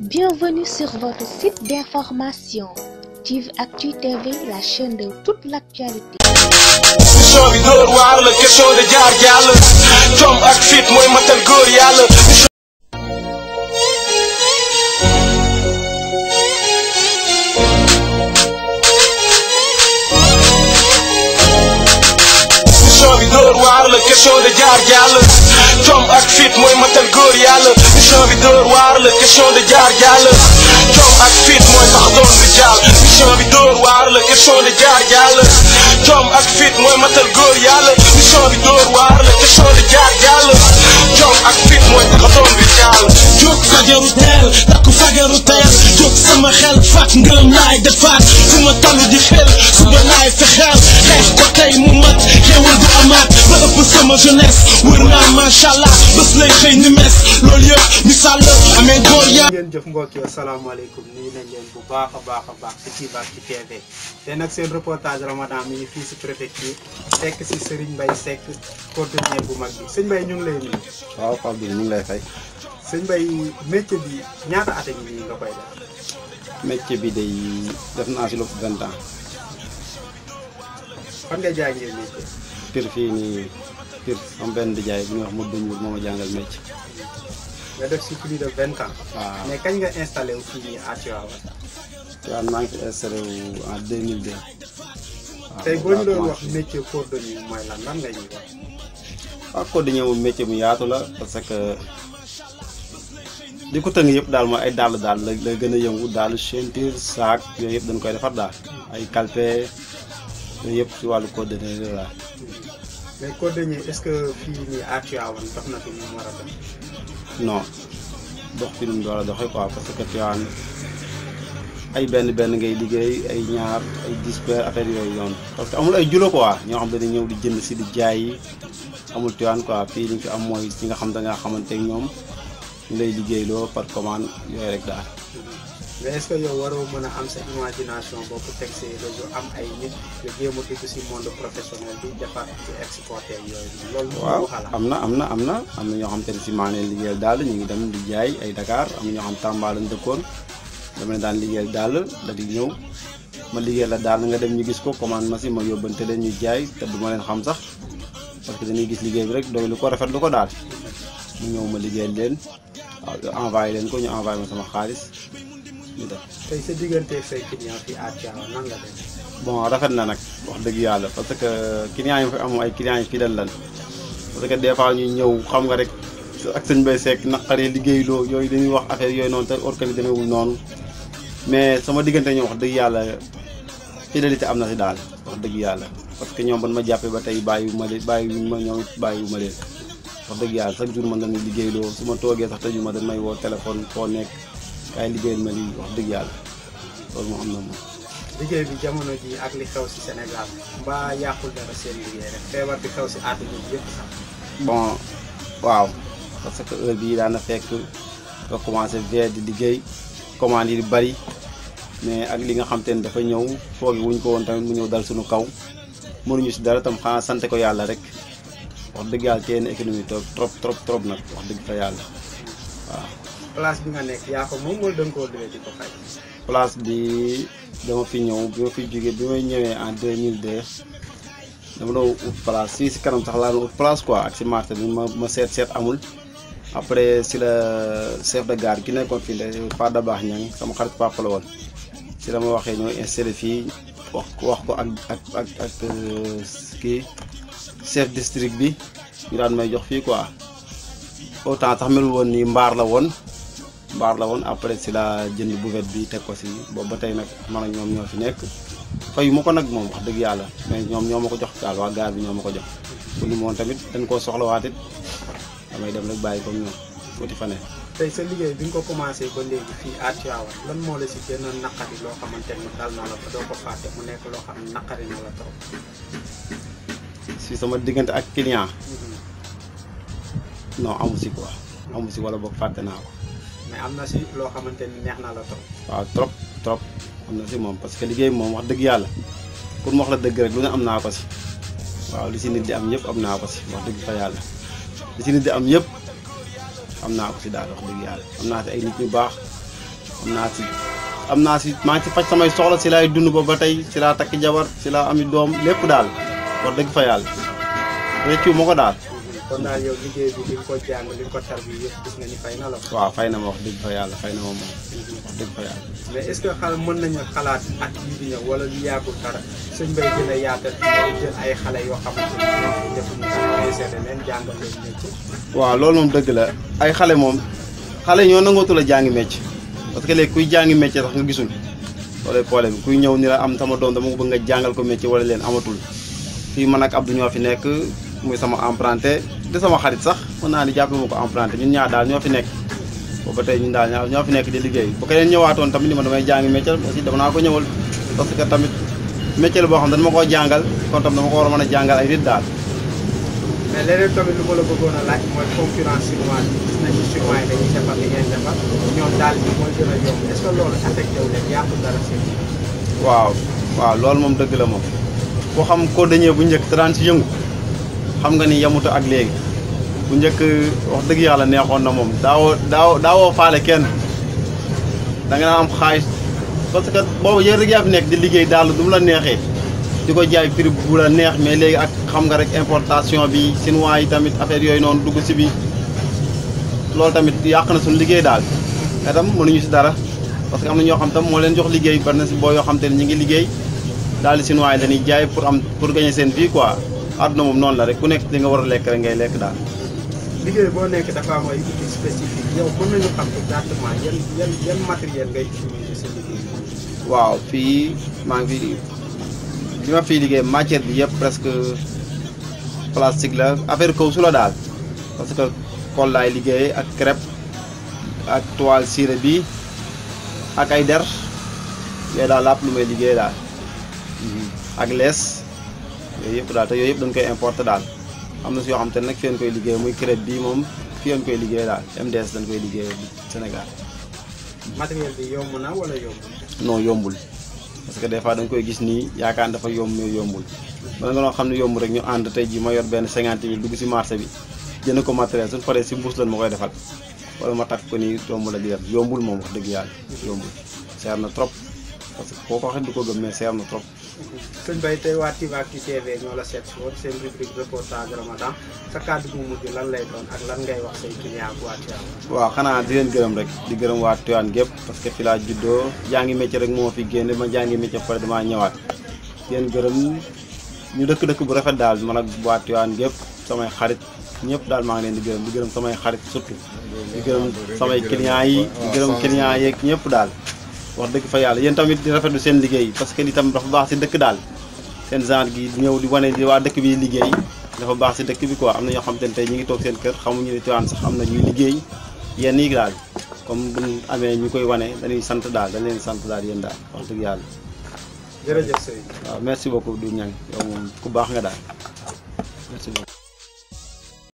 Bienvenue sur votre site d'information Tivactu TV, la chaîne de toute l'actualité. émission bi door waar la jom ak fit mooy matal góor yàlla mission bi dóor waar la question de jaar yàlla jom ak fit mooy tax doon di jaal mission bi dóor waar la question de jaar yàlla jom ak fit mooy matal góor yàlla mission bi dóor waar la question de jaar yàlla jom ak fit mooy tax doon di jaal jóg sa jëm teel sagaru tayal sama xel fàtt ngërëm laay defaat fu ma di xel suba laay fexeel xeex ko tey mu mat xewul du amaat la ëpp sama jeunesse wër naa macha allah bés lay xëy ni mes yëpp misaal la amee góor yaa jëf mbokk yi asalaamaaleykum nii leen bu baax a baax a baax ci Kibacki TV te nag seen reportage fii si préfecture fekk si Serigne Mbaye Seck cordonnier bu mag bi sëñ lay nuyu. lay fay. nii bi day def naa si lu vingt ans fan nga jàngee métier pir fii nii pir am benn di jaay bu wax mu duñ moo ma jàngal métier nga def si plus de vingt ans waaw mais kañ nga installé fii nii à Tivaouane Tivaouane maa ngi fi installé wu en tey boo ñu doon wax métier cordonnier mooy lan lan nga ñuy wax waaw ah, cordonnier moom métier mu yaatu la parce que li ko tënk yëpp daal mooy ay dàll daal la la gën a yëngu daal ceinture saak yooyu yëpp dañ koy defar daal ay calpe yooyu yëpp si wàllu cordonnier la daal. mais cordonnier ce que fii a dox. non doxee quoi parce que Tivaouane ay benn benn ngay liggéey ay ñaar ay dix paires affaire yooyu yoon parce que amul ay julo quoi ñoo xam ne dañuy ñëw di jënd si di jaay yi amul Tivaouane quoi fii li ñu fi am mooy ci nga xam da ngaa xamante ak ñoom. lay liggéeyloo par commande yooyu rek daal. mais est-ce que yow waroo mën a am sa imagination boo ko teg say ay nit nga jéem a dugg si monde professionnel bi defar ci exporté waaw am na am na am na ñoo xam te ne si maa ngi daal ñu ngi dem di jaay ay Dakar ñoo xam Tamba lañ dëkkoon dama ne daan liggéeyal daal da di ñëw ma liggéeyal la daal nga dem ñu gis ko commande ma si ma yóbbante leen ñu jaay te du ma leen xam sax parce que dañuy gis liggéey bi rek doy lu ko rafet lu ko daal mu ñëw ma liggéey leen. waaw envoyé leen ko ñu envoyé sama xaalis ñu def. tey sa digganteeg say clients fii à Tivaouane nan la demee. bon rafet na nag wax dëgg yàlla parce que clients yi ma fi am ay clients yi fidèles lan parce que des fois ñu ñëw xam nga rek ak sëñ Bay Seck naqaree liggéeyloo yooyu dañuy wax affaire yooyu noonu te organisé demeewul noonu mais sama diggante ñu wax dëgg yàlla fidélité am na si daal wax dëgg yàlla parce que ñoom ban ma jàppee ba tey bàyyi bàyyiwu ma leen bàyyiwu ma ñoom bàyyiwu ma leen. wax dëgg yàlla chaque jour man dañuy liggéeyloo su ma toogee sax tëju ma dañ may woo téléphone foo nekk kaay liggéeyal ma lii wax dëgg yàlla loolu bi jamono ji ak li xew si Sénégal mbaa dara seen bon waaw parce que heure bii daan na fekk nga commencé veer di liggéey commande yi di bari mais ak li nga xam te ne dafa ñëw foogi wuñ ko woon tamit mu ñëw dal suñu kaw mënuñu si dara tam xanaa sante ko yàlla rek. wax dëgg yàlla téye na économie trop trop trop trop nag wax dëgg fa yàlla waaw. place bi nga nekk yaa ko moom wala da koo déggee di ko fay. place bi dama fi ñëw bi ma fi jógee bi may ñëwee en 2002 dama doon ut place si si kanam sax laa doon ut place quoi ak si marché bi ma ma seet seet amul. après si la chef de gare gi nekkoon fii de Fada Dabakh ñang sama xarit papa la woon si la ma waxee ñoo installé fii wax wax ko ak ak ak ak euh, kii. chef district bi ñu daan may jox fii quoi autant sax mel woon ni mbaar la woon mbaar la woon après si la jënd buvette bi teg ko si boobu ba tey nag man ak ñoom ñoo fi nekk fayu mu ko nag moom wax dëgg yàlla mais ñoom ñoo ma ko jox daal waa gaa bi ñoo ma ko jox bu ñu moom tamit dañ koo soxlawaat it damay dem rek bàyyi comme ñoom tuuti fa ne tey sa liggéey bi nga ko commencé ba fii à Tivaouane lan moo la si gën a naqari loo xamante ni dal na la ba doo mu nekk loo xam ne naqari na la trop si sama diggante ak client non amu si quoi amu si wala boog fàtte naa ko. mais am na si loo xamante ni neex na la waaw trop trop am na si moom parce que liggéey moom wax dëgg yàlla pour mu wax la dëgg rek lu ne am naa ko si waaw li si nit di am yëpp am naa ko si wax dëgg fa yàlla li am yëpp am naa ko si daal wax dëgg yàlla am naa si ay nit ñu baax am naa si am naa si maa ngi si faj samay soxla si laay dund ba ba tey si laa takk jabar si laa ami doom lépp daal. wax dëgg fa yàlla réccu ko daal. kon daal yow liggéey bi li nga yëpp gis nga ni fay na la. fay na ma wax dëgg fa yàlla na ma moom wax dëgg fa ce que xal mën nañu xalaat at yii wala lu yàggul dara a yaatal xale yoo xamante ne ñoom defuñu seet loolu moom dëgg la ay xale moom xale ñoo nangootul a jàngi métier parce que léegi kuy jàngi métier sax nga gisul loolu mi kuy ñëw ni la am sama doom dama ko bëgg nga jàngal ko métier wala leen amatul. fii man ak Abdou ñoo fi nekk muy sama emprunté di sama xarit sax mën naa ni jàppe ma ko emprunté ñun ñaar daal ñoo fi nekk booba tey ñun daal ñaar ñoo fi nekk di liggéey bu keneen ñëwaatoon tamit ma damay jàngi métier aussi dama naa ko ñëwal parce que tamit métier boo xam ne dama koo jàngal kon tam dama ko war a mën a jàngal ay nit daal mais leneen a laaj a yomb est ce que loolu waaw waaw loolu moom dëgg la moom boo xam ko dañee bu njëkk te daan ci yëngu xam nga ni yamuta ak léegi bu njëkk wax dëgg yàlla neexoon na moom daawoo daaw daawoo faale kenn da nga naa am xaalis parce que boobu yéen rek yaa fi nekk di liggéey daal du la neexee di ko jaay prix bu la neex mais léegi ak xam nga rek importation bi chinois yi tamit affaire yooyu noonu dugg si bi loolu tamit yàq na suñu liggéey daal te tam mënuñu si dara parce que am na ñoo xam tam moo leen jox liggéey bari na si boo yoo xam ne ñu ngi liggéey daal di chinois yi dañuy jaay pour am pour gagner seen vie quoi àdduna moom noonu la rek ku nekk li nga war a lekk rek ngay lekk daal. liggéey boo nekk dafa am ay outils spécifiques yow mën nañu xam exactement yan fi liggéey matière bi yëpp presque plastique la affaire kaw su daal parce que kol laay liggéey ak crêpe ak toile ciré bi ak lu may liggéey daal. ak lees yooyu yëpp daal te yooyu yëpp dañ koy importer daal am na si yoo xam te nag fi leen koy liggéey muy crêpe bi moom fi leen koy liggéey daal MDS dañ koy liggéey Sénégal. matériel bi yomb na wala yombul. non yombul parce que des fois da koy gis nii yaakaar dafa yomb mais yombul bala nga doon xam ne yomb rek ñu ànd tey ji ma yor benn cinquante mille dugg si bi jënd ko matériel suñu paree si mbuus lan ma koy ma takk ko nii yomb la di yombul moom wax dëgg yàlla yombul seer na trop parce que koo ko waxee du ko gëm mais seer na trop. sëñ tey waa Tiva ak TV la seet seen rubrique reportage Ramadan sa kàddu bu mujj lan lay doon ak lan ngay wax say client ak waa waaw xanaa di leen gërëm rek di gërëm waa gépp parce que fi laa juddoo ngi métier rek moo fi génne ma jàngi métier pare damaa ñëwaat di leen gërëm ñu dëkk dëkk bu rafet daal man ak waa Tivaouane gépp samay xarit. ñëpp daal maa ngi leen di gërëm di gërëm samay xarit surtout di gërëm samay clients yi di gërëm clients yeeg ñëpp daal wax dëgg fa yàlla yéen tamit di rafetlu seen liggéey parce que itam dafa baax si dëkk daal seen genre gi ñëw di wane di waa dëkk bi liggéey dafa baax si dëkk bi quoi am na ñoo xam te ne tey ñu ngi toog seen kër xamuñu ne Tivaouane sax am na ñuy liggéey yenn yi daal comme bu ñu amee ñu koy wane dañuy sant daal dañ leen sant daal yéen daal wax dëgg yàlla. jërëjëf Seydou. waaw merci beaucoup Doudou Niang yow moom ku baax nga daal merci beaucoup.